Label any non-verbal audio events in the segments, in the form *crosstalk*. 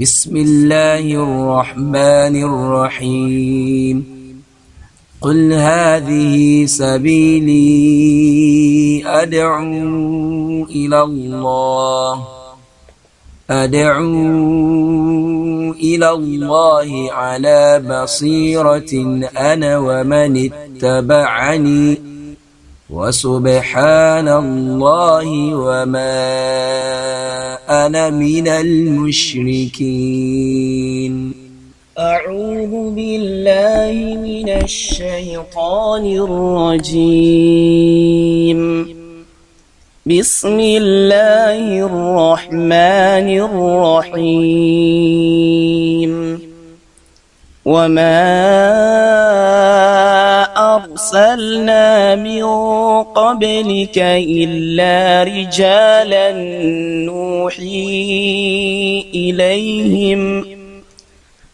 بسم الله الرحمن الرحيم قل هذه سبيلي أدعو إلى الله أدعو إلى الله على بصيرة أنا ومن اتبعني وسبحان الله وما أنا من المشركين أعوذ بالله من الشيطان الرجيم بسم الله الرحمن الرحيم وما أرسلنا من قبلك إلا رجالا نوحي إليهم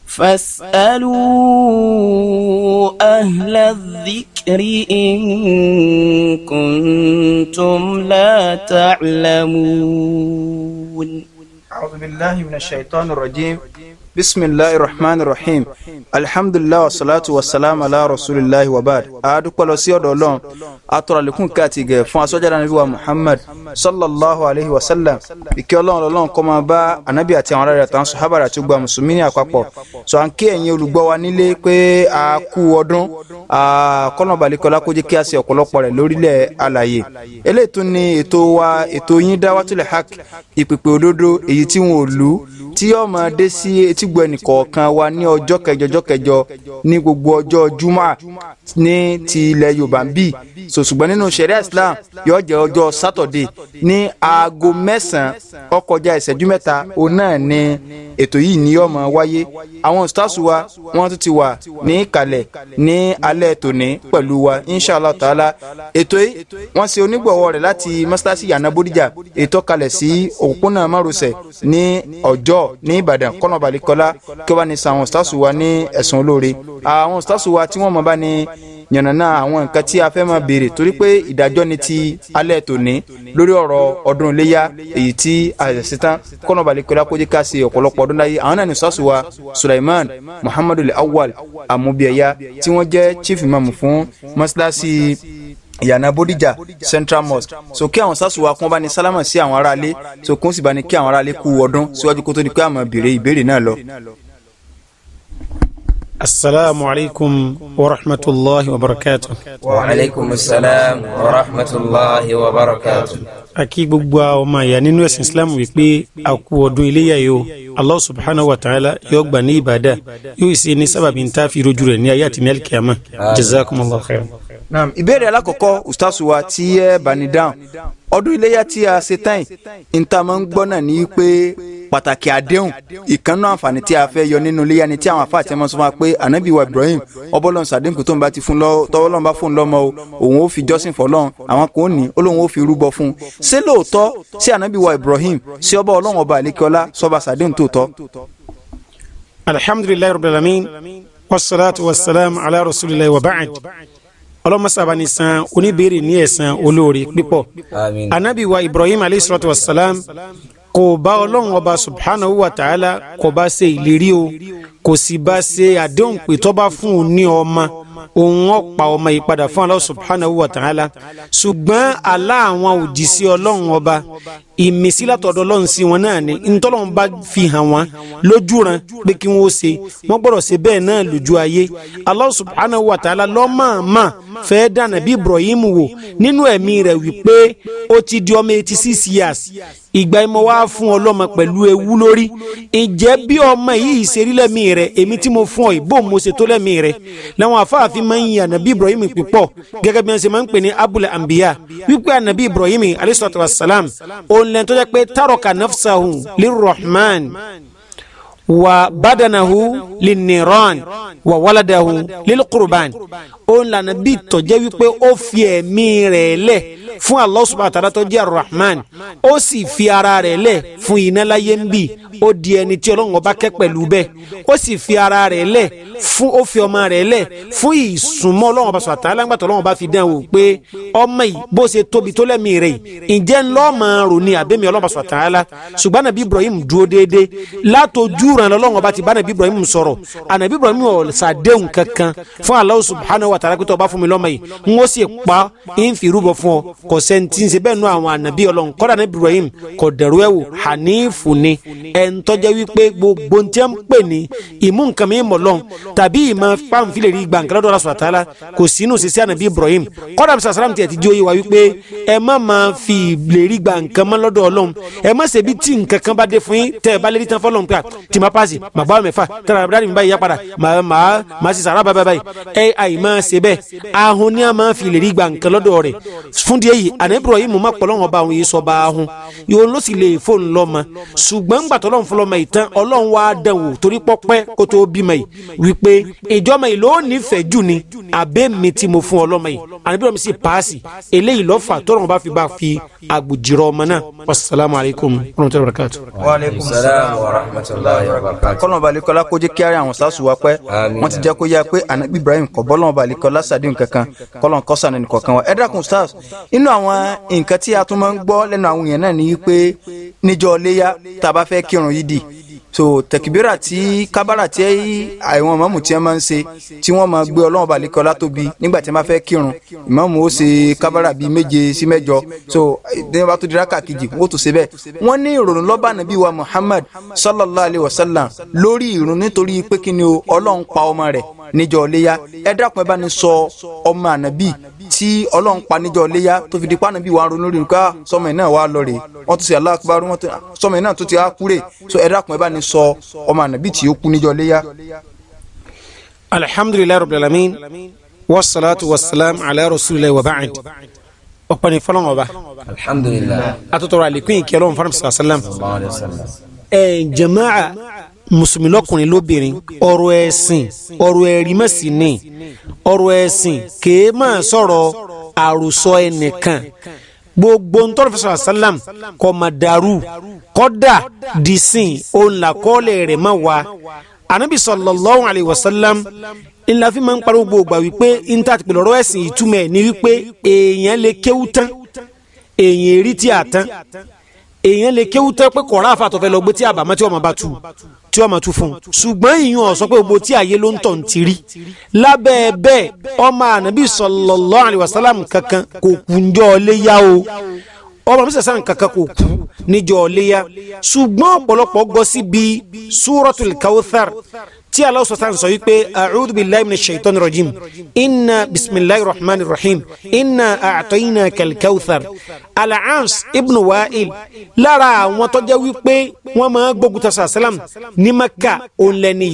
فاسألوا أهل الذكر إن كنتم لا تعلمون أعوذ بالله من الشيطان الرجيم بسم الله الرحمن الرحيم الحمد لله والصلاة والسلام على رسول الله وبعد أدوك ولوسي أدولون أترى لكم كاتيجة فأسوجر النبي محمد صلى الله عليه وسلم ìkẹ́ ọlọ́run ọlọ́run kó máa bá ànábì àti àwọn aráàlú àtàwọn sọ̀hábàrà tó gba mùsùlùmí ní àpapọ̀ sọ à ń kí ẹ̀yin olùgbọ́ wa nílé pé a kú ọdún kọ́nà balẹ̀kọ́lá kó jẹ́ kí a ṣe ọ̀pọ̀lọpọ̀ rẹ̀ lórílẹ̀ àlàyé eléyìí tún ni ètò wa ètò yín dáwàtúlẹ̀ hak ìpèpè òdodo èyí tí wọn ò lù ú tí yóò máa dé sí etígbọ̀ ẹnìkọ̀ọ̀kan wa ní ọjọ́ kẹjọ ọjọ́ kẹjọ ní gbogbo ọjọ́ jumá ní ti ilẹ̀ yorùbá bí so ṣùgbọ́n nínú sẹ̀ríà islam yóò jẹ́ ọjọ́ sátọ̀dé ní aago mẹ́sàn-án ó kọjá ìṣẹ́jú òun náà ni ètò yìí ni yóò máa wáyé àwọn ustaasu wa wọ́n tún ti wà ní ìkàlẹ̀ ní alẹ́ tòní pẹ̀lú wa inshallah taala ètò yìí wọ́n ṣe onígbọ̀wọ́ rẹ̀ láti mọ́sálásí yànnà bódìjà ètò kalẹ̀ sí òpópónà márosẹ̀ ní ọjọ́ ní ìbàdàn kọ́nàbàlíkọ́lá kí wọ́n bá ní san àwọn stars wa ní ẹ̀sùn olóore àwọn stars wa tí wọ́n mọ̀ bá ní yànnàná àwọn nǹkan tí a fẹ́ máa béèrè torí pé ìdájọ́ ni ti alẹ́ tòní lórí ọ̀rọ̀ ọdún iléyà èyí tí àṣẹṣe tán kọ́nà balẹ̀kọ́lá kó jẹ́ ká ṣe ọ̀pọ̀lọpọ̀ ọdún láyé àwọn náà ní sọ́ọ̀sì wa Sulaiman Muhammadu Awwal Amubiaya tí wọ́n jẹ́ chief imam fún mọ́ṣáláṣí ìyànà bódìjà central mosque sókè àwọn sásùwà kún bá ní sálámà sí àwọn aráalé sókún sì bá ní kí àwọn aráalé kú ọdún síwájú kó tó di pé àmọ́ béèrè ìbéèrè náà lọ. asalaamu alaykum wa rahmatulahi wa barakatu. wa alaykum salaam wa rahmatulahi wa barakatu a kí gbogbo àwọn ọmọ ìyá nínú ẹ̀sìn islam wípé a kú ọdún iléyà yìí o allah subhanahu wa ta'ala yóò gbà ní ìbàdà yóò ṣe ní sábàbí tá a fi rojú rẹ̀ ní ayé àti ní alikiyama jazakumullahu khairan. naam ìbéèrè alákọ̀ọ́kọ́ ustaasu wa tí ẹ bá ní ọdún iléyà tí a ṣe tán yìí níta máa ń gbọ́ náà ní pé pàtàkì àdéhùn ìkànnú àǹfààní tí a fẹ́ yọ nínú iléyà ni tí àwọn afáà ti máa sọ fún wa pé ànábì wa ibrahim ọbọ̀lọ́n sàdínkù tó ń bá ti fún lọ́wọ́ tọ́wọ́lọ́n bá fún un lọ́mọ o òun ó fi jọ́sìn fọ́lọ́n àwọn kò ní ó ó fi rúbọ fún un ṣé lóòótọ́ sí ànábì wa Ibrahim sí ọba ọlọ́run ọba àlekíọ́lá sọba sàdéhùn tóòtọ́. alhamdulilayi rabbil alamin wasalaatu wasalaam ala rasulilayi wa ba'ad ọlọmọsàbà ní san oníbèrè ní ẹ̀san olóore pípọ̀ ànábì Ibrahim alayhi salatu wasalaam kò bá ọlọ́run ọba subhanahu wa ta'ala kò bá ṣe ìlérí o kò sì bá ṣe àdéhùn pé tó fún un ní ọmọ òun ọ̀pá ọmọ yìí padà fún Allah subhanahu wa ta'ala ṣùgbọ́n àlá àwọn òjìṣẹ́ ọlọ́run ọba ìmísí látọ̀dọ̀ ọlọ́run sí wọn náà ni ntọ́lọ́run bá fi hàn wọ́n lójú ran pé kí wọ́n ṣe wọ́n gbọ́dọ̀ ṣe bẹ́ẹ̀ náà lójú ayé Allah subhanahu wa ta'ala lọ́mọ̀ọ́mọ̀ fẹ́ dànà bí Ibrahim wò nínú ẹ̀mí rẹ̀ wípé ó ti di ọmọ eighty six years ìgbà yìí mo wá fún ọ lọ́mọ pẹ̀lú ewu lórí ǹjẹ́ bí ọmọ yìí ṣe rí lẹ́mí rẹ̀ èmi tí mo fún ọ yìí bó mo ṣe tó lẹ́mí rẹ̀ làwọn afáàfin máa ń yin ànàbí Ibrahim púpọ̀ gẹ́gẹ́ bí wọ́n ṣe máa ń pè ní abul anbiya wípé ànàbí Ibrahim alayhisalaatu wasalaam òun lẹ́nu tó jẹ́ pé taraka nafsahu lirrahman wa badanahu linniran wa waladahu lilqurban òun lànà bí tọ́jẹ́ wípé ó fi ẹ̀mí rẹ̀ lẹ̀ fún Allah subhanahu wa ta'ala tó jẹ́ rahman ó sì fi ara rẹ̀ lẹ̀ fún iná láyé ń bì ó di ẹni tí Ọlọ́run ọba kẹ́ pẹ̀lú bẹ́ẹ̀ ó sì fi ara rẹ̀ lẹ̀ fún ó fi ọmọ rẹ̀ lẹ̀ fún ìsúnmọ́ Ọlọ́run ọba subhanahu wa ta'ala ńgbà tó Ọlọ́run ọba fi dán wò pé ọmọ yìí bó ṣe tóbi tó lẹ́mìí rẹ̀ ǹjẹ́ ńlọ́ọ̀mọ rò àbẹ́mi Ọlọ́run ọba subhanahu wa ṣùgbọ́n Ibrahim dúró déédéé látojú Ibrahim sọ̀rọ̀ ànàbí Ibrahim ọ̀sàdéhùn Allah subhanahu wa ta'ala pé tó o bá fún mi lọ́mọ yìí n kò sẹ́ńtì ṣe bẹ́ẹ̀ nu àwọn ànábì ọlọ́run kọ́dà ní Ibrahim kò dẹ̀rú ẹ̀ wò hanifu ni ẹ̀ ń tọ́jẹ́ wípé gbogbo ń tẹ́ ń pè ní ìmú nǹkan mi mọ̀ lọ́n tàbí ìmọ̀ pàǹfilẹ̀ rí gbàǹkan lọ́dọ̀ Allah subhanahu kò sínú ṣe sí ànábì Ibrahim kọ́dà bí sàṣàràm tiẹ̀ ti di oyè wa wípé ẹ má máa fi lè rí gbàǹkan mọ́ lọ́dọ̀ ọlọ́run ẹ má ṣe bí tí ma ma gbọ́ mẹ́fà tẹ́lẹ̀ abúlé mi báyìí yá padà ma ma ma ṣe sàrà di èyí àná Ibrahim má pọ̀lọ́wọ́n bá òun yìí sọ bá a hun yòó ló sì lè fóun lọ́mọ ṣùgbọ́n gbàtọ́ lọ́n fọlọ́mọ ìtàn ọlọ́run o dẹ̀ wò torí pọ́pẹ́ kó tó bímọ yìí wípé ìjọmọ yìí ló nífẹ̀ẹ́ jù ni àbẹ́ mi tí mo fún ọlọ́mọ yìí àná Ibrahim sì paasi eléyìí lọ́fà tọ́lọ́run ba fi bá fi àgbòjìrọ̀ ọmọ náà wasalaamu alaykum warahmatulahi wabarakatuh. wa aleykum salaam wa rahmatulahi wabarakatuh. kọ́nà balikola kó jẹ́ kí ara àwọn sásù wa pẹ́ wọ́n ti jẹ́ kó yá pé anabi Ibrahim kọ́ bọ́lọ́n balikola sàdéhùn nínú àwọn nǹkan tí a tún máa ń gbọ́ lẹ́nu àwọn èèyàn náà ni wípé níjọ́ léyà tá a bá fẹ́ kírun yìí so tẹkibira tí kábàrà tí àwọn ìmáàmù tí wọ́n máa ń ṣe tí wọ́n máa gbé ọlọ́run balẹ̀kọ́ látóbi nígbà tí wọ́n bá fẹ́ kírun ìmáàmù ó ṣe kábàrà bíi méje sí mẹ́jọ so ìdíyẹn bá tó di rákà kejì wọ́n tó ṣe bẹ́ẹ̀ wọ́n ní ìrònú lọ́ba nàbí wa Muhammad sallallahu alayhi wa sallam lórí ìrun nítorí pé kí ni o ọlọ́run pa ọmọ rẹ̀ níjọ́ léyà ẹ dákun ẹ bá ní sọ ọmọ ànàbí tí ọlọ́run pa níjọ́ tó fi di pa nàbí wa ronú lórí nǹkan ah, sọmọ ẹ̀ náà wà lọ́rẹ̀ wọ́n tún ṣe aláàkúbárú wọ́n tún ah, sọmọ ẹ̀ náà tó ti á kúrè so ẹ dákun ẹ bá ní sọ ọmọ ànàbí tí ó kú níjọ́ léyà. alhamdulilayi rabbil alamin wasalaatu wasalaam ala rasulilayi wa ba'd ọ̀pọ̀ ni fọlọ́n ọba. alhamdulilayi. a tó tọrọ àlékún ìkẹlẹ́ wọn jamaa mùsùlùmí lọ́kùnrin lóbìnrin ọ̀rọ̀ ẹ̀sìn ọ̀rọ̀ ẹ̀rí mẹsì ni ọ̀rọ̀ ẹ̀sìn kèé máa sọ̀rọ̀ àròsọ ẹnìkan gbogbo ntọ́rọ̀ fẹsọ̀ àsálàm kọ́ máa dàrú kọ́dà dìsìn òun làkọ́ọ̀lẹ̀ anabi sallallahu alayhi wa sallam ńlá fi máa ń pariwo gbogbo wípé níta ti pè lọ́rọ̀ ẹ̀sìn ìtumọ̀ ẹ̀ ni wípé èèyàn lè kéwú tán èèyàn èrí tí a tán èèyàn lè kéwú tán pé kọ̀ọ̀rọ̀ àfàtọ̀fẹ́ lọ gbé tí àbámọ́ tí wọ́n máa bá tu tí ọmọ tún fún un ṣùgbọ́n ìyún ó sọ pé gbogbo tí ayé ló ń tọ̀ ń ti rí lábẹ́ bẹ́ẹ̀ ọmọ ànábì sallallahu alaihi wasallam kankan kò kú njọ́ léyà o ọmọ ànábì sàlám kankan kò kú níjọ́ léyà ṣùgbọ́n ọ̀pọ̀lọpọ̀ gọ síbi suratul Kawthar tí Allah sọ̀tàn sọ wípé a'udhu billahi minash shaitani rajim inna bisimilahi rahman rahim inna a'tayna kalkawthar alaans ibn wa'il lára àwọn tó jẹ́ wípé wọ́n máa gbógun tasa salam ní maka òun lẹ́ni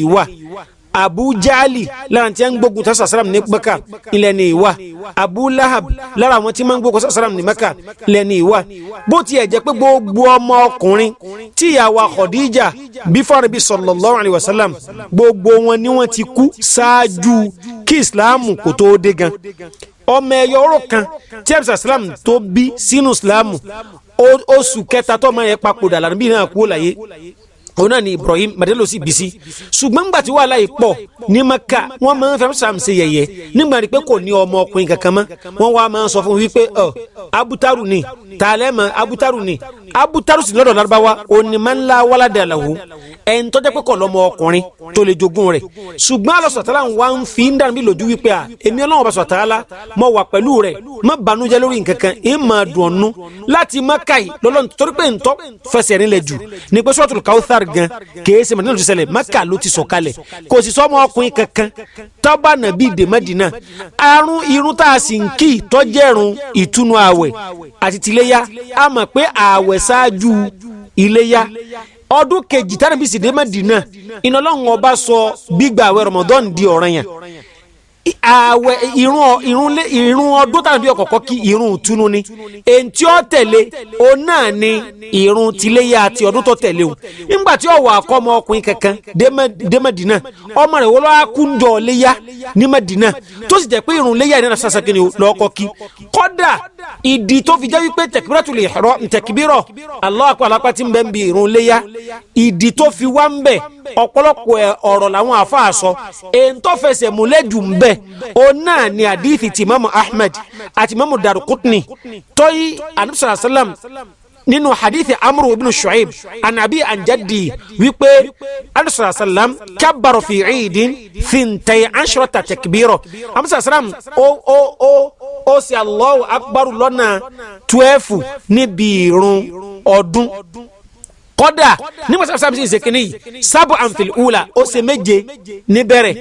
abu jaali lára tí ń gbógun tó sàsàràm ní maka ilẹ̀ ní ìwà abu lahab lára àwọn tí ń gbógun tó sàsàràm ní maka ilẹ̀ ní ìwà bó tiẹ̀ jẹ́ pé gbogbo ọmọ ọkùnrin tí ìyàwó khadija bífọ́rẹ́ bí sallallahu alayhi wa sallam gbogbo wọn ni wọ́n ti kú ṣáájú kí ìsìláàmù kò tóó dé gan ọmọ ẹyọ ọ̀rọ̀ kan tí ẹbí sàsàlám tó bí sínú ìsìláàmù oṣù kẹta tó máa yẹ papòdà lànà bí náà kú ó láyé òun náà ni Ibrahim madelo sì bisi ṣùgbọ́n gbàtí wàhálà yìí pọ̀ ní Maka wọ́n máa ń fẹ́ sàm ṣe yẹ̀yẹ́ nígbà pé kò ní ọmọ ọkùnrin kankan mọ́ wọ́n wá máa ń sọ fún wípé ọ abutaru ni tààlẹ́ mọ́ abutaru ni abutarusi lọ́dọ̀ Lárúbáwá onímọ̀nlá wàládàlàwò ẹni tọ́jà pé kọ̀ lọ́mọ ọkùnrin tó lè jogún rẹ̀ ṣùgbọ́n alọ́ sọ̀tàlá ń wá ń fi ń dànù bí lójú wípé à èmi ọlọ́wọ́n bá sọ̀tàlá mọ̀ wà pẹ̀lú rẹ̀ mọ̀ bànújẹ́ lórí nkankan ẹ̀ máa dùn ọ̀nù láti má káyì lọ́lọ́n torí pé ntọ́ fẹsẹ̀ rinlẹ̀ jù ní pé sọ́ọ̀tù Kawthar gan kèé sèmọ̀ nínú ìṣẹ̀lẹ̀ Mákà ló ti sọ̀kalẹ̀ kò sì sọ́mọ ọkùnrin kankan tọ́ba nàbí dèmẹ́dínà àrùn irun tá a sì ń kì tọ́jẹ́rùn ìtúnu ààwẹ̀ àti tìlẹ́yà a mọ̀ pé ààwẹ̀ ṣáájú iléyá ọdún kejì tánàbí sì dé Mẹ́dínà iná ọlọ́run ọba sọ gbígbà àwẹ̀ Ramadan di ọ̀ranyàn ààwẹ̀ irun irun irun ọdún tàbí ọ̀kọ̀ọ̀kọ́ kí irun ìtúnu ni èyí tí ó tẹ̀lé òun náà ni irun tiléyà àti ọdún tó tẹ̀lé o nígbà tí ọ̀wọ̀ àkọ́mọ ọkùnrin kankan dé Mẹ́dínà ọmọ rẹ̀ wọ́n lọ́wọ́ kúndọ̀ léyà ní Mẹ́dínà tó sì jẹ́ pé irun léyà ní sàṣà kìíní lọ́kọ́ kí kọ́dà ìdí tó fi jẹ́ wípé tẹ̀kíbírọ̀tul ihram tẹ̀kíbírọ̀ Allahu akbar alápá ti ń bẹ́ ń bi irun léyà ìdí tó fi wá ń bẹ̀ ọ̀pọ̀lọpọ̀ ọ̀rọ̀ làwọn àfáà sọ èntọ́ fẹsẹ̀ múlẹ̀ jù ń bẹ̀ òun náà ni àdìsí ti mamu ahmed àti mamu darukutni tọ́yí anabisala salam nínú hadithi amru ibn shu'aib anabi anjadi wípé anusra salam kabaru fi ciidin fintai anshurata takbiro amusa salam o o o ó sì allahu akbaru lọ́nà twelve níbi ìrun ọdún kọ́dà ní masa sábà ṣe kìíní yìí sábà àn fìlì wula ó ṣe méje ní bẹ̀rẹ̀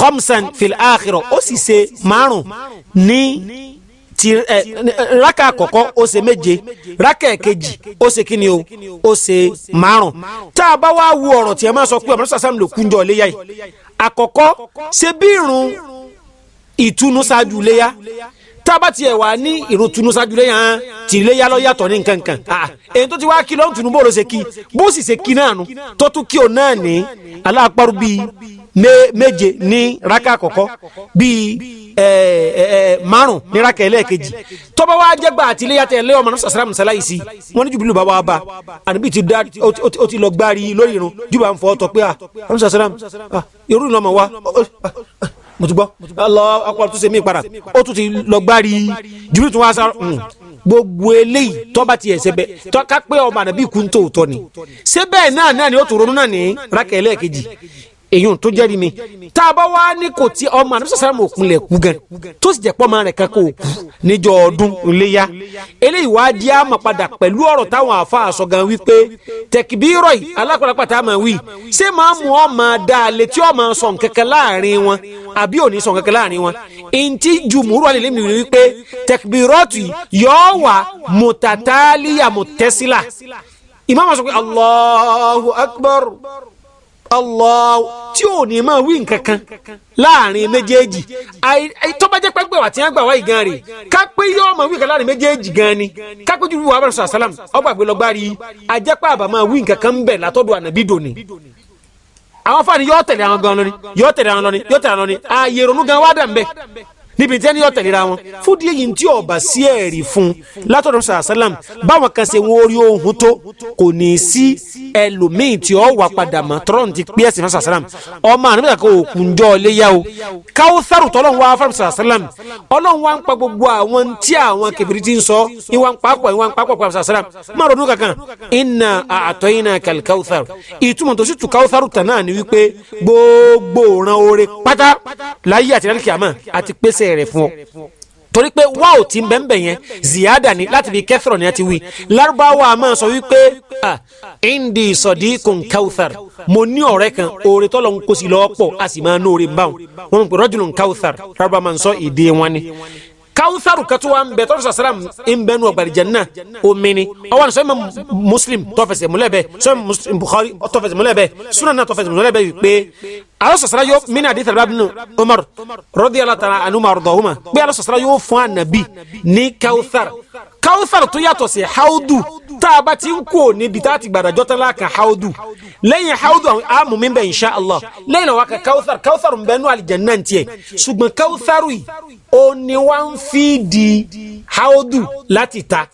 khamsan fìlì àkìrọ̀ ó sì ṣe márùn ní ti ẹ raka àkọ́kọ́ ó ṣe méje raka ẹ̀kejì ó ṣe kìíní o ó ṣe márùn tá a bá wá wu ọ̀rọ̀ tí ẹ máa sọ pé ọ̀rọ̀ sàṣàm ló kúnjọ léyà yìí àkọ́kọ́ ṣe bí tába tiẹ̀ wá ní ìró tunu ṣáájú lẹ́yìn hàn ah, tìrìlẹ yálọ yàtọ̀ ní nkankan ah, èyí tó ti wá kí lọ́n tunu bó ló ṣe kí bó sì ṣe kí náà nu tó tún kí o náà ní aláàpárù bíi méje ní raka àkọ́kọ́ bíi márùn ní raka ẹlẹ́ẹ̀kejì tọ́ba wa jẹ́ gbà àti ilé yàtọ̀ ẹlẹ́yọ̀ ọmọ náà sàrà mùsàlá yìí sí wọn ní jùbìlù bàbá wa bá ànibí ti da ó ti lọ gbárí lórí irun jùbà ń fọ́ tọ́ pé ah, à mo ti gbọ́ lọ ọpọlọ tó ṣe mí padà ó tún ti lọ gbárí jùlọ tó wá sá hmm. gbogbo eléyìí tọ́ba ti ẹ̀sẹ̀ bẹ́ẹ̀ tọ́ka pé ọmọ àdàbí ikú ń tòótọ́ ni ṣé bẹ́ẹ̀ náà náà ni ó tún ronú náà ní rákẹ́ ẹlẹ́ẹ̀kejì èyàn tó jẹ́rìí mi tá a bá wá ní kò tí ọmọ àdúgbò sàlámù òkun lẹ̀ kú gan tó sì jẹ́ pọ́ ọmọ rẹ̀ kan kò kú níjọ́ ọdún iléyà eléyìí wàá di àmọ̀ padà pẹ̀lú ọ̀rọ̀ táwọn àáfàá sọ gan wípé tẹkibírọ̀ yìí alákọ̀lápàtà máa wí ṣé máa mú ọ máa dá a létí ọ máa sọ nkẹkẹ láàrin wọn àbí òní sọ nkẹkẹ láàrin wọn ntí jùmùúrù alẹ́ lẹ́nu Allahu Akbar. Allah tí ò ní máa wí nǹkan kan láàrin méjèèjì tó bá jẹ́ pé gbẹ̀wà tí wọ́n gbà wáyé gan rè ká pé yóò máa wí nǹkan láàrin méjèèjì gan ni ká pé jùlọ wàhálà sọ̀rọ̀ sálàm ọgbà pé lọ́gbà rí ajẹ́pẹ́ àbá máa wí nǹkan kan ń bẹ̀ látọ̀dọ̀ ànábì dòní. àwọn fani yóò tẹ̀lé àwọn gan lóni yóò tẹ̀lé àwọn lóni yóò tẹ̀lé àwọn lóni ààyè ronú gan wá dà ń bẹ̀ níbi tí ẹni yọ tẹ̀léra wọn fúdi èyí tí ọba sí ẹ̀rí fún látọ̀dọ̀ sàlám báwọn kan ṣe wọ́n orí ohun tó kò ní í sí ẹlòmíì tí ọ wà padà mọ́ tọ́lọ́n ti pé ẹ̀sìn fún sàlám ọmọ àná mẹ́ta kò kúnjọ́ léyà o káwọ́sàrù tọ́lọ́n wá fún sàlám ọlọ́run wá ń pa gbogbo àwọn tí àwọn kẹfìrí ti ń sọ ìwà ń papọ̀ ìwà ń papọ̀ pẹ̀lú sàlám má ronú kankan iná àtọ́ iná kàlíkáwọ́sàrù ìtumọ̀ tó sì ni wípé gbogbo òràn oore pátá láyé àti láti kìámà àti pèsè pèsè rẹ̀ fún ọ torí pé wá ò tí ń bẹ́ẹ̀ bẹ́ẹ̀ yẹn ziyada ni láti fi kẹ́fìrọ̀ ni a ti wí lárúbáwá a máa sọ wípé ah, indi sadiqun kawthar mo ní ọ̀rẹ́ kan oore tọ́lọ̀ ń kó sí lọ́wọ́ pọ̀ a sì máa ní oore báwọn wọn mọ̀ pé rajulun kawthar lárúbáwá máa ń sọ èdè wọn ni kawusaru katu wa nbẹ tọrọ sasaram nbẹ nu ọgbari janna omini ọwọ nisọn ma muslim tọfẹsẹ mulẹ bẹ sọn muslim bukhari tọfẹsẹ mulẹ bẹ sunan na tọfẹsẹ mulẹ bẹ yi pe ala sɔsɔra yɔ mina adi tɛrɛba binu umar rɔdiyala tara ani umar dɔwuma kpe ala sɔsɔra yɔ fún anabi ni kawusar kawusar tó yàtọ̀ sí hawudu taaba ti ń kó ni bi taa ti gbada jɔtala kan hawudu lẹ́yìn hawudu a mú mi bɛ insha allah lẹ́yìn náà ka kawusar kawusar bɛ nù alijanna tiɛ ṣùgbọ́n kawusar yìí ó ní wà ń fi di hawudu láti ta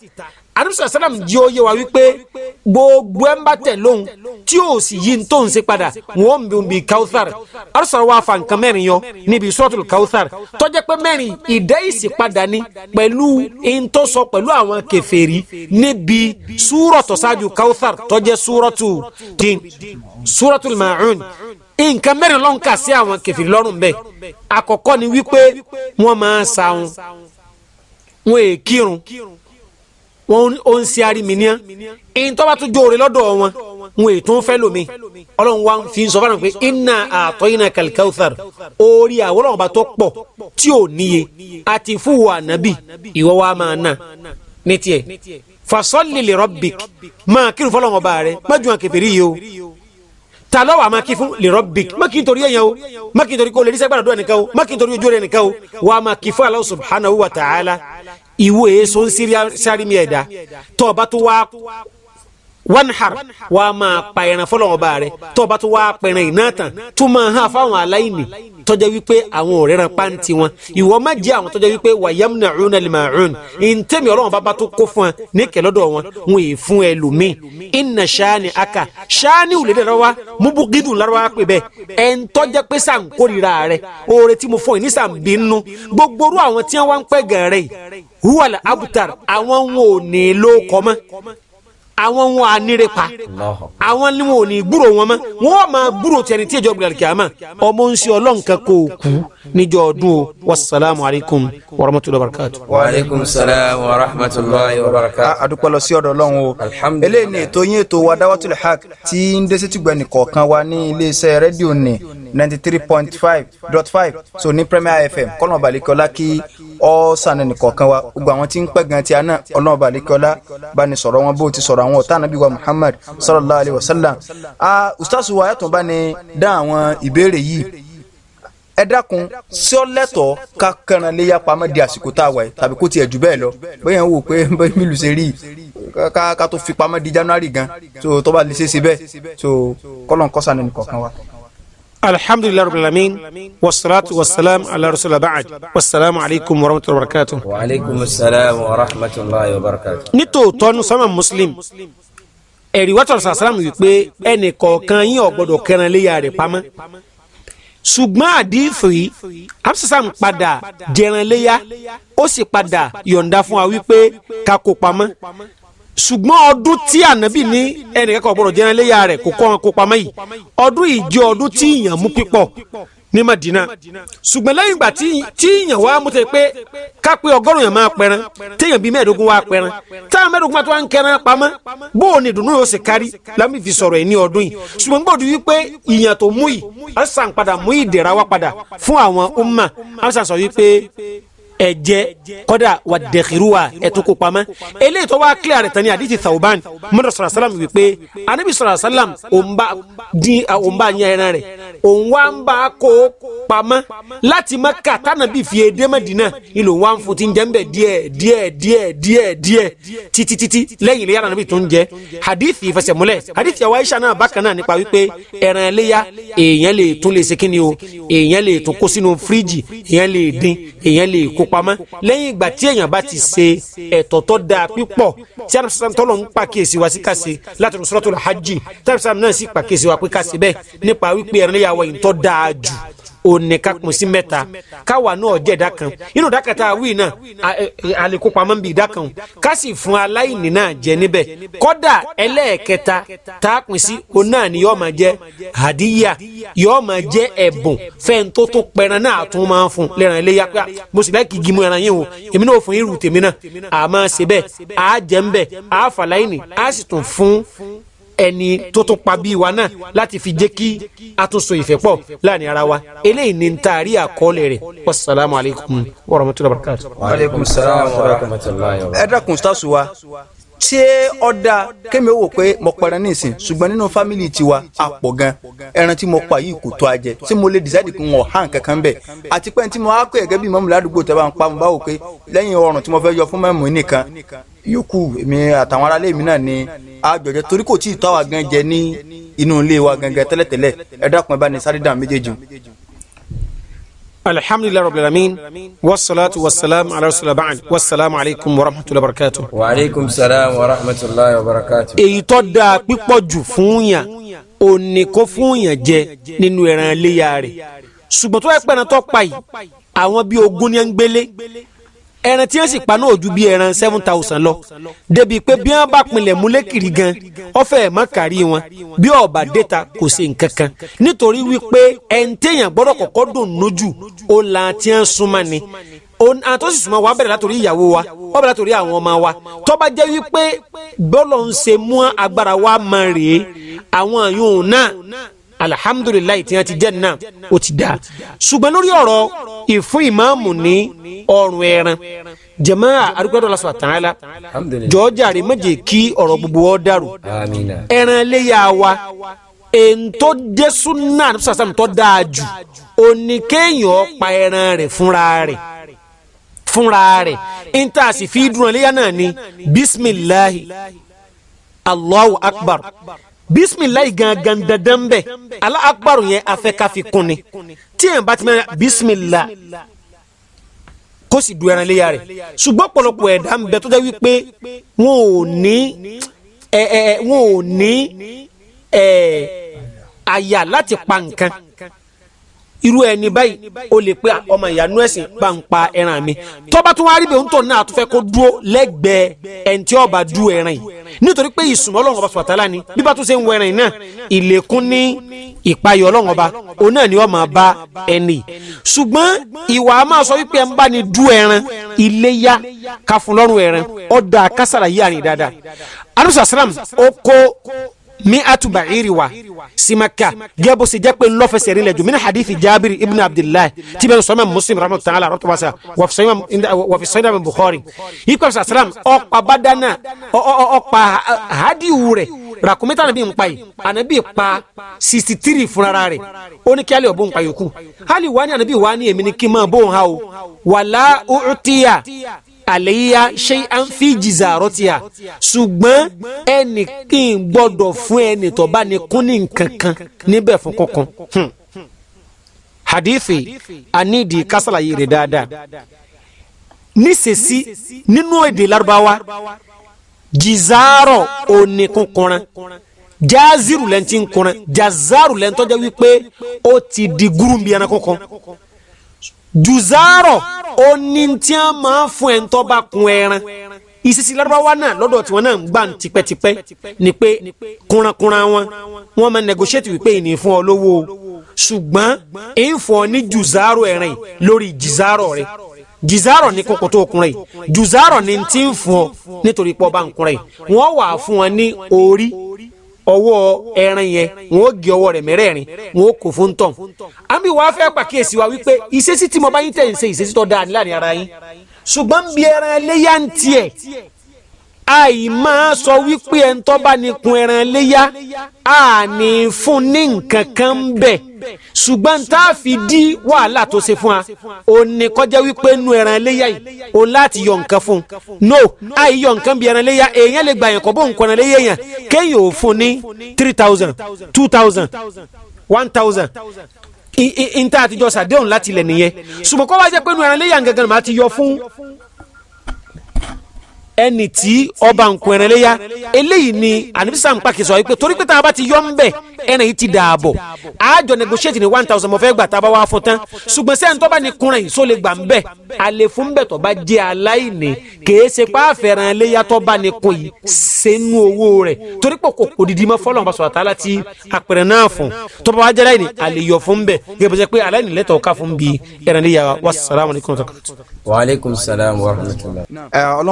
àdúrà sàlám jí ó yé wa wípé gbogbo ẹ̀ ń bá tẹ̀ lóhun tí ó sì yí tó ń ṣe padà wọ́n ń bìbí kawthar àdúrà wa fa nǹkan mẹ́rin yọ níbi sọ́tùl kawthar tó jẹ́ pé mẹ́rin ìdẹ́ ìsìpadà ni pẹ̀lú ìntọ́sọ pẹ̀lú àwọn kèfèrí níbi súrọ̀tọ̀ ṣáájú kawthar tó jẹ́ súrọ̀tù dín súrọ̀tù màún nǹkan mẹ́rin ló ń kà sí àwọn kèfèrí lọ́rùn bẹ́ẹ̀ àkọ́kọ́ ni wípé wọ́n máa sa wọn wọn è kírun wọn ò ń ṣe ariminian ẹni tó bá tún jóore lọ́dọ̀ wọn wọn ètò ń fẹ́ lómi ọlọ́run wa fi ń sọ fáwọn pé iná àtọ́ iná kalikawusar orí àwòrán ọba tó pọ̀ tí ò níye àti fúwọ́ ànábì ìwọ́ wa máa nà ní tiẹ̀ fasọ́lì lè rọ́bìk máa kírun fọlọ́run ọba rẹ má ju àkèfèrí yìí o ta lọ́wọ́ àmà kí fún lè rọ́bìk má kí n torí ẹ̀yàn o má kí n torí kó lè rí sẹ́gbàdàdúrà nìkan o má kí n torí ojú rẹ̀ nìkan o wà á máa kí fún Allah subhanahu wa ta'ala ìwọ èso ń sírí sáré mi ẹ̀dá tó o bá tó wá wanhar wàá máa pa ẹran fọlọ́wọ́n bá rẹ tó o bá tún wàá pẹ̀rẹ̀ iná tán tún máa hàn fáwọn aláìní tọ́jà wípé àwọn ọ̀rẹ́ ran pàǹtí wọn ìwọ má jẹ́ àwọn tọ́jà wípé wàyàm náà rún ẹlẹ́mà rún ntẹ́mi ọlọ́wọ́n bàbá tó kó fún ẹ ní kẹlọ́dọ̀ wọn wọn è fún ẹ lùmí ìnà sàánì aka sàánì ò lè dẹ̀ lọ́wọ́ múbúgídùn lọ́wọ́ pé bẹ́ẹ̀ ẹ̀ ń tọ́jà pé sàn kórìíra rẹ oore tí mo fọ yìí ní sàn bínú gbogbo orú àwọn tí wọ́n wá ń pẹ́ gẹ̀rẹ́ yìí huwala abutar àwọn wọn ò ní lóko mọ́ àwọn wọn anire pa àwọn ni wọn ò ní gbúrò wọn mọ wọn máa gbúrò tẹni tí ìjọba ìgbàlè kìámà ọmọ ń ṣe ọlọ́nkan kò kú níjọ́ ọdún o wasalaamu alaykum wa rahmatulahi wa barakatu. wa aleykum salaam wa rahmatulahi wa barakatu. a dúpẹ́ lọ sí ọ̀dọ̀ Ọlọ́run o eléyìí ni ètò yín ètò wa dáwọ́tulẹ̀ haq tí ń dé sétí kọ̀ọ̀kan wa ní iléeṣẹ́ rédíò ní ninety three point five dot five so ní Premier FM kọ́nà balikọ́lá kí ọ̀sán ẹnì kọ̀ọ̀kan wa gbogbo àwọn tí ń pẹ́ gan ti àná ọlọ́run balikọ́lá ti sọ̀rọ̀ ọ̀rọ̀ àwọn ọ̀tá anabi muhammad sallallahu alayhi wa sallam ustaasu wa ayatollah bá ní dá àwọn ìbéèrè yìí ẹ dákun sí ọ lẹ́tọ̀ọ́ ká kẹran léyà pamọ́ di àsìkò tá a wà yìí tàbí kó tiẹ̀ jù bẹ́ẹ̀ lọ bóyá ń wò pé *laughs* mílù ṣe rí ká ká tó fi pamọ́ di january gan tó tó bá lè ṣe é ṣe bẹ́ẹ̀ tó kọlọn kọsànán nìkan kan wa alhamdulilayi rabbil alamin wasalaatu wasalaam ala rasulillah baad wasalaamu alaykum wa rahmatulahi wa barakatu. wa aleykum salaam wa rahmatulahi wa barakatu. ní tòótọ́ ní sọ́mà muslim ẹ̀rí wàtò sàlám wípé ẹnì kọ̀ọ̀kan yín ò gbọ́dọ̀ kẹran léyà rẹ̀ pamọ́ ṣùgbọ́n àdìfò yìí padà jẹran léyà ó sì padà yọ̀ǹda fún wa wípé ká pamọ́ ṣùgbọ́n ọdún tí ànábì ní ẹnìkan kò gbọ́dọ̀ jẹ́rán léyà rẹ̀ kò kọ́ wọn kó pamọ́ yìí ọdún yìí jẹ́ ọdún tí ìyàn mú pípọ̀ ní Madina ṣùgbọ́n lẹ́yìn ìgbà tí ìyàn wá mú tẹ pé ká pé ọgọ́rùn-ún yàn máa pẹran téèyàn bíi mẹ́ẹ̀ẹ́dógún wá pẹran táwọn mẹ́ẹ̀ẹ́dógún máa tó wá ń kẹran pamọ́ bóò ní ìdùnnú yóò ṣe kárí lámì fi sọ̀rọ̀ ẹ̀ ní ọdún yìí ṣùgbọ́n gbọ́dọ̀ wípé ìyàn tó mú yìí ọ̀sán mú ìdẹ̀ra wá padà fún àwọn umma ọ̀sán sọ wípé ẹ̀jẹ̀ kọ́dà wà dẹ̀kìrúwà ẹ̀tún kó pamọ́ eléyìí tó wá kílẹ̀ rẹ̀ tán ní àdìsí Thawban mọ́tò sọ̀rọ̀ sálàm wípé anabi sọ̀rọ̀ sálàm òun bá yan ẹran rẹ̀ òun wá ń bá kó pamọ́ láti Mẹ́kà tánàbí fi èdè Mẹ́dínà ìlò wa ń fún ti ń jẹ́ ń bẹ̀ díẹ̀ díẹ̀ díẹ̀ díẹ̀ díẹ̀ títí lẹ́yìn ilé yàrá nàbí tó ń jẹ́ hadithi ìfẹsẹ̀múlẹ̀ hadithi àwa Aisha náà bákan náà nípa wípé ẹran ẹlẹ́yà èèyàn lè tún lè ṣe kíni o èèyàn lè tún kó sínú fíríjì èèyàn lè dín èèyàn lè kó pamọ́ lẹ́yìn ìgbà tí èèyàn bá ti ṣe ẹ̀tọ́ tó dáa pípọ̀ tí anabisan tọ́lọ̀ ń pàkíyèsí wa sí ká láti rò suratul hajj tí anabisan náà sì pàkíyèsí wa pé ká ṣe bẹ́ẹ̀ nípa wípé ẹ̀rọ òní ká kùn sí mẹ́ta káwa náà jẹ́ ìdá kan inú ìdákàtà àwí náà àlékópamọ́ e, e, ń bi ìdá kan ká sì fún aláìní náà jẹ níbẹ̀ kọ́dà ẹlẹ́ẹ̀kẹta tá a kùn sí òun náà ni yọ́ọ́ máa jẹ́ hadiya yọ́ọ́ máa jẹ́ ẹ̀bùn fẹ́ẹ́n tó tó pẹran náà tún máa ń fún lẹ́ran iléyà ah, gimu ẹran yìí o èmi náà fún irú tèmi náà àmọ́ ṣe bẹ́ẹ̀ àá jẹ́ ń bẹ́ẹ̀ àá fàlàyìn àá sì ẹni tó tún pa bíi wa náà láti fi jẹ́ kí a tún so ìfẹ́ pọ̀ láàrin ara wa eléyìí ni n ta rí àkọọ́lẹ̀ rẹ̀ wasalaamualeykum wa rahmatulahi wa barakatuh. ẹ dákun sitasu wa tí ọ da kémi ó wò pé mo pẹran nísìn ṣùgbọ́n nínú fámìlì tiwa a pọ̀ gan ẹran tí mo pa yìí kò tó a jẹ tí mo lè decide kí n wọ̀ hàn kankan bẹ̀ àti pé tí mo á pè gẹ́gẹ́ bí mọ́mú ládùúgbò tẹ́ bá ń pa mo bá wò pé lẹ́yìn ọrùn tí mo fẹ́ yọ fún mẹ́mú nìkan yòókù èmi àtàwọn aráalé mi náà ni àjọjẹ torí kò tí ì tọ́ àwa gan jẹ ní inú ilé wa gangan tẹ́lẹ̀tẹ́lẹ̀ ẹ dákun ẹ bá ní sáré dàn méjèèjì alhamdulilayi rabil alamin wasalaatu wasalaamu ala rasulillah ba'an wasalaamu aleykum wa rahmatulahi wa barakatu. wa aleykum salaam wa rahmatulahi wa barakatu. èyí tó dáa pípọ̀ jù fún yàn òní kó fún yàn jẹ nínú ẹran iléyà rẹ̀ ṣùgbọ́n tó yẹ pẹ́ẹ́nà tó pa yìí àwọn bíi ogún ni ẹ ń gbélé ẹran tí wọ́n sì pa náà ju bí ẹran seven thousand lọ débi pé bí wọ́n bá pinlẹ̀ múlẹ̀ kiri gan ọ̀fẹ́ ẹ̀ má kárí wọn bí ọba déta kò ṣe nǹkan kan nítorí wípé ẹ̀ǹtẹ̀yàn gbọ́dọ̀ kọ́kọ́ dùn lójú ó tí wọ́n súnmọ́ ni àtọ́ sì súnmọ́ wa bẹ̀rẹ̀ látòrí ìyàwó wa wa bẹ̀rẹ̀ látòrí àwọn ọmọ wa tọ́ba jẹ́ wípé bọ́lọ̀ ń ṣe mú agbára wa mọ̀ rèé àwọn àyùn náà alihamudulilayi tí wọn ti jẹ nínú o ti da ṣùgbọ́n lórí ọ̀rọ̀ ìfún ìmáàmù ní ọrùn ẹran jàmáà arúgbádọ́ la sọ̀rọ̀ tàn án la jọ̀ọ́jà rẹ̀ méje kí ọ̀rọ̀ gbogbo ọ̀ dàrú ẹran léyà wa èntò jésù náà sàṣàm tó dáa jù oníkéèyàn pa ẹran rẹ̀ fúnra rẹ̀ fúnra rẹ̀ níta sì fi dùn ẹ̀ náà ni bisimilahi allahu akbar. akbar bisimilayi gangan dandan bẹ ala akubaru yẹn afẹ kafi kunni tiɲɛ ba ti mẹ bisimila kó sì du ẹran léya rẹ̀ ṣùgbọ́n pọ̀lọpọ̀ ẹ̀dá ń bẹ tó jẹ́ wípé wọn ò ní wọn ò ní àyà láti pa nǹkan irú ẹni báyìí o lè pe ọmọ ìyanu ẹ̀sìn bá pa ẹran mi tọ́ba tún wá rí bẹ́ẹ̀ ń tọ̀ náà tó fẹ́ kó dúró lẹ́gbẹ̀ẹ́ ẹni tí ọba dú ẹran yìí nítorí pé ìsùnmọ́ ọlọ́run ọba sọ̀tàlá ni bí bá tún ṣe ń wọ ẹran yìí náà ìlẹ̀kùn ní ìpayọ̀ ọlọ́run ọba òun náà ni ọmọ bá ẹni ṣùgbọ́n ìwà a máa sọ wípé ẹ ń bá ni dú ẹran iléyá ká ẹran ọ̀dà kásàrà yìí àrìn dáadáa anusasram ó kó mi atuba iriwa simaka gẹ́bù sí jẹ́ pé ń lọ́fẹsẹ̀ rí lẹ́jọ́ mina hadithi jaabiri ibn abdullahi tí bẹ́ẹ̀ sọ́mọ́ muslim rahmatu ta'ala rahmatu wasa wàfi sọ́yìn ibn bukhari ikú ọ̀sán salam ọ̀pá badana ọ̀pá hadiwu rẹ̀ rakumita anabi nkpa yi anabi pa sixty three funara rẹ̀ ó ní kí alẹ́ ọ̀bọ̀n nkpa yòókù hali wani anabi wani èmi ni kí n máa bóun àléyá ṣé à ń fi jìzà àrọ́tìyà ṣùgbọ́n ẹnì kì í gbọ́dọ̀ fún ẹnì tó bá ní kún ní nkankan níbẹ̀ fún kankan. Hmm. hadithi anidi kásálàyé rẹ̀ dáadáa nísèsí nínú èdè Lárúbáwá jìzàárọ̀ òní kúnkunran jaaziru lẹ́ntì nkunran jazaaru lẹ́ntọ́jà wípé ó ti di gúrùmbíyànà kọ̀ọ̀kan ó ní tí wọ́n máa fún ẹ̀ ń tọ́ bá kun ẹran ìṣesí larabawa náà lọ́dọ̀ tiwọn náà ń gbà ní tipẹ́tipẹ́ ni pé kúnrankúnran wọn wọn máa negotiate wípé ìní fún ọ lówó ṣùgbọ́n èyí fún ọ ní jùzárò ẹ̀rìn lórí jìzárò rẹ jìzárò ní kókó tó kúnrẹ́ jùzárò ní ti ń fún ọ nítorí pé ọba ń kúnrẹ́ wọ́n wà fún ọ ní orí ọwọ́ ẹran yẹn wọn ó gé ọwọ́ rẹ̀ mẹ́rẹ̀ẹ̀rin wọn ó kó fún tán àmì wàá fẹ́ pàkíyèsí wa wípé ìṣesí tí mo bá yín tẹ̀ ń ṣe ìṣesí tó dáa níláàrin ara yín ṣùgbọ́n bí ẹran ẹlẹ́yà ń tiẹ̀ àìmọ́ sọ wípé ẹ̀ ń tọ́ba ní kun ẹran léyà àní fún ní nǹkan kan ń ṣùgbọ́n tá a fi dí wàhálà tó ṣe fún wa ò ní kọjá wípé nu ẹran léyà yìí o láti yọ nǹkan fún un no àì yọ nǹkan bí ẹran léyà èèyàn lè gbà yẹn kọ́ bó nǹkan ẹran léyà yẹn kéèyàn ò fún ní three thousand two thousand one thousand n ta àtijọ́ sàdéhùn láti lẹ̀ nìyẹn ṣùgbọ́n kọ́ wá jẹ́ pé nu ẹran léyà gangan màá ti yọ fún ẹni tí ọba nkùnrin léya eléyìí ni anibisa mpaki sọ pé torí pé tá a bá ti yọ ń bẹ ẹnì yìí ti dà bọ̀ àjọ negotiate ní one thousand mo fẹ́ gbà tá a bá wà fún tán ṣùgbọ́n sẹ́yìn tó bá ní kùnrin yìí só lè gbà ń bẹ̀ alẹ́ fún bẹ̀ tó bá jẹ́ aláìní kèé ṣe pá fẹ́ràn léya tó bá ní kun yìí sẹ́nu owó rẹ̀ torí pé kò kò dìdí mọ́ fọlọ́n bá sọ̀rọ̀ tààlà tí apẹ̀rẹ̀ náà fún tó bá wà jẹ́ aláìní alẹ́ yọ fún bẹ̀ gẹ́gẹ́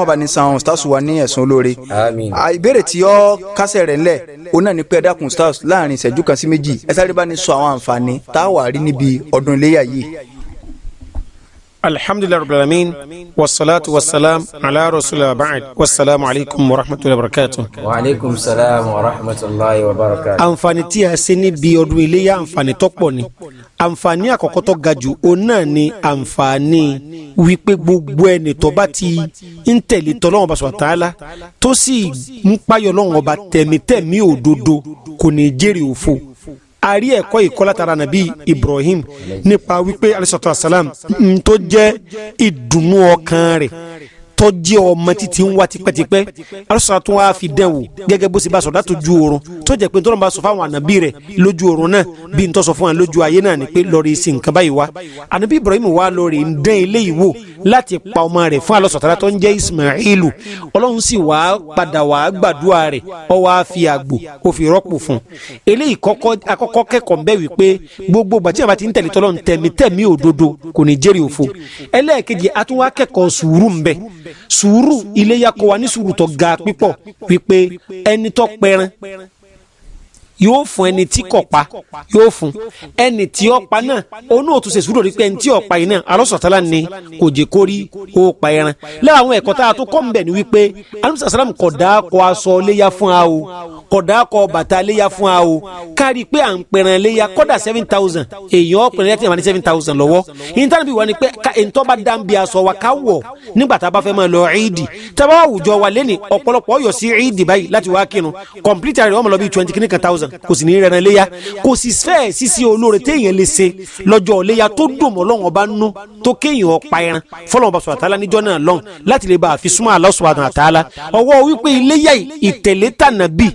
pé ní sàn san ustaz wa ní ẹ̀sùn olóore. àmín. ìbéèrè tí ó kásẹ̀ rẹ̀ ńlẹ̀ òun náà ní pé ẹ dákun láàrin ìṣẹ́jú kan sí méjì ẹ sáré bá ní sọ àwọn àǹfààní tá a wà rí níbi ọdún iléyà yìí alhamdulilayi rabbil alamin wasalaatu wasalaam ala rasulillah baad wasalaamu alaykum wa rahmatulahi wa barakatu. wa aleykum salaam wa rahmatulahi wa barakatu. àǹfààní tí a ṣe ní bí ọdún iléyá àǹfààní tó pọ̀ ni àǹfààní àkọ́kọ́ tó ga jù òun náà ni àǹfààní wípé gbogbo ẹni tó bá ti ń tẹ̀lé tọ́lọ́wọ́n bá sọ̀tà á tó sì ń payọ̀ lọ́wọ́n ọba tẹ̀mítẹ̀mí òdodo kò ní jèrè òfo a rí ẹ̀kọ́ ìkọ́látara nàbí Ibrahim nípa wípé alisatu asalam ntó jẹ́ ìdùnnú ọkàn rẹ̀ tọ́jú ọmọ títí ń wá tipẹ́tipẹ́ alásùnà tó wá fi dẹ́n wò gẹ́gẹ́ bó ṣe bá sọ dátò ju oorun tó jẹ́ pé tọ́lọ́mọba sọ fáwọn ànábì rẹ̀ lójú oorun náà bí n tọ́ sọ fún wa lójú ayé náà ni pé lọ́ọ̀rì sí nǹkan báyìí wá ànábì Ibrahim wá lọ́ọ̀rì ń dẹ́n eléyìí wò láti pa ọmọ rẹ̀ fún alọ́sọ̀tara tó ń jẹ́ Ismailu ọlọ́run sì wá padà wá gbàdúrà rẹ̀ ọ wá fi sùúrù iléyà kọ́ wa ní sùúrù tó ga pípọ̀ wípé ẹni tó pẹran yóò fún ẹni tí kò pa yóò fún ẹni tí ó pa náà òun náà tún ṣe sùúrù rí ẹni tí ó pa yìí náà alọ́sọ̀tàlá ni kò jẹ́ kó rí ó pa ẹran lára àwọn ẹ̀kọ́ tá a tó kọ́ mbẹ̀ ni wípé alhamdulilayi salam kò dáa kọ aṣọ léya fún a o kò dáa kọ bàtà léya fún a o kárí pé à ń pẹ̀ràn léya kọ́dà seven thousand èèyàn pẹ̀ràn léya tí a ní seven thousand lọ́wọ́ ìyíntàn bí wà ní pé ntọ́ bá dá ń bi aṣọ wa ká wọ̀ nígbà tá a bá fẹ́ máa lọ ìdì tábà àwùjọ wa lẹ́ni ọ̀pọ̀lọpọ̀ ọ̀yọ́ sí ìdì báyìí láti wá kírun kọ̀m̀pútà rẹ̀ ọmọ lọ bí twenty kìnnìkan thousand sàn kò sì ní rẹran léya kò sì fẹ́ sísí olóore téèyàn lè ṣe lọ́jọ́ léya tó dòmọ́ lọ́wọ́n bá nú tó kéèyàn pa ẹran fọlọ́wọ́n bá sọ̀rọ̀ àtàlà níjọ́ náà lọ́hùn láti lè bá àfi súnmọ́ Allah subhanahu wa ọwọ́ wípé iléyà ìtẹ̀lẹ́tà nàbì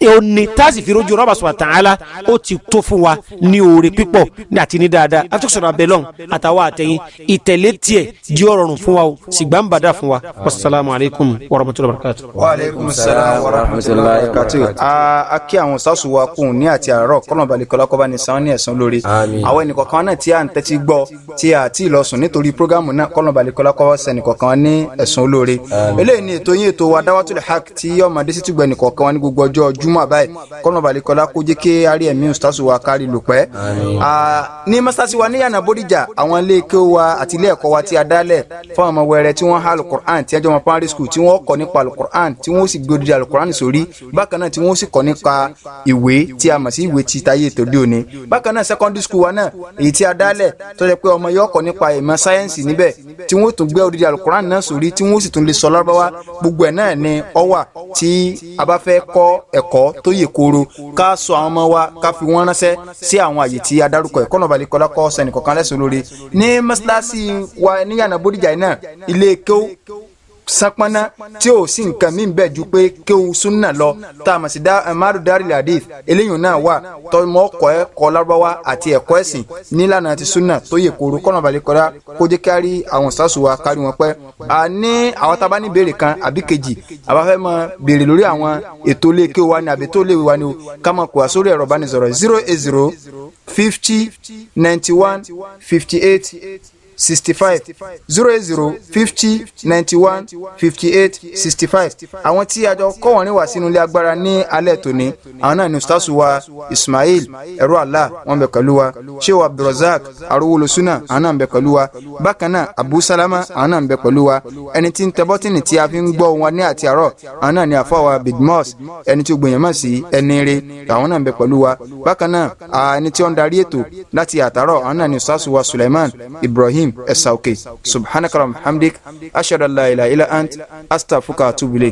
òní táàsì fi rojú rọ́bà sọ̀rọ̀ tààlà ó ti tó fún wa ní oore pípọ̀ ní àti ní dáadáa àtúnṣọ̀rọ̀ abẹ́lọ́n àtàwọn àtẹ̀yìn ìtẹ̀lé tiẹ̀ di ọ̀rọ̀rùn fún wa o sìgbà ń bàdà fún wa wasalaamu aleykum wa rahmatulahi wa barakatu. wa aleykum salaam wa rahmatulahi wa barakatu. a kí àwọn sásù wa kún ní àti àárọ̀ kọ́nàbalẹ̀ kọ́lákọ́ba ní san ní ẹ̀sán lórí. àwọn ẹnìkọ̀kan náà tí a ń tẹ́tí gbọ́ tí a ti lọ sùn nítorí prógámù náà kọ́nàbalẹ̀ kọ́lákọ́ba sẹ́nìkọ̀kan júmọ̀ báyìí kọ́nà balẹ̀kọ́lá kó jẹ́ kí ari ẹ̀mí ustaz wa kárí lò pẹ́. ní masasi wa ní yànnà bódìjà àwọn ilé ike wa àti ilé ẹ̀kọ́ wa ti adálẹ̀ fáwọn ọmọ wẹrẹ tí wọ́n há alukur'an tí ẹjọ́ ọmọ primary school tí wọ́n kọ́ nípa alukur'an tí wọ́n sì gbòdìjà alukur'an sórí bákan náà tí wọ́n sì kọ́ nípa ìwé tí a mọ̀ sí ìwé ti tayé tòde òní bákan náà secondary school wa náà èyí tí adálẹ̀ tó jẹ́ pé ọmọ yóò kọ́ nípa ìmọ̀ sáyẹ́ǹsì níbẹ̀ tí wọ́n tún gbé òdìjà alukur'an náà sórí tí wọ́n sì tún lè sọ lọ́rọ́ wa gbogbo ẹ̀ náà ni ó wà tí a bá fẹ́ kọ́ ẹ̀kọ́ ẹ̀kọ́ tó yè kooro ká sọ àwọn ọmọ wa ká fi wọ́n ránṣẹ́ sí àwọn àyè tí a dárúkọ náà balẹ̀ kọ́lá kọ́ sẹ́nìkọ̀kan lẹ́sùn lórí ní mọ́ṣáláṣí wa níyànà bódìjà náà ilé kéw sápánná tí o si nǹkan mí bẹ́ẹ̀ ju pé kéwu súnà lọ tá a mọ̀ sí amadu eh, daril hadith eléyìí náà wà tọmọ ọkọ ẹ̀kọ́ àti ẹ̀kọ́ ẹ̀sìn nílànà ti súnà tó yẹ kóró kọ́nà balẹ̀ kọ́dá kó kárí àwọn sásù wa kárí wọn pẹ́. a ní àwọn tá a bá kan àbí kejì a bá fẹ́ mọ béèrè lórí àwọn ètò ilé ni àbí tó sixty 65 00 50 91 58 65 àwọn tí àjọ kọ́wọ̀nrín wà sínú ilé agbára ní alẹ́ tòní àwọn náà ni ustaasu wa Ismail ẹ̀rọ àlá wọn bẹ̀ pẹ̀lú wa sheu Abdulrasaq arúwolosúnà àwọn náà ń bẹ̀ pẹ̀lú wa bákan náà Abu Salama àwọn náà ń bẹ̀ pẹ̀lú wa ẹni tí ń tẹ bọ́tìnì tí a fi ń gbọ́ wọn ní àti àárọ̀ àwọn náà ni àfọwà Big Mos ẹni tí gbìyànjú mọ̀ sí ẹni rẹ̀ àwọn náà ń bẹ̀ pẹ̀lú wa bákan náà ẹni tí ó ń darí ètò láti àtàrọ̀ àwọn náà ni ustaasu wa Suleiman Ibrahim ibrahim ẹ̀sà òkè subhanakala muhammadik ashadala ilaha illa ant astafuka tubile.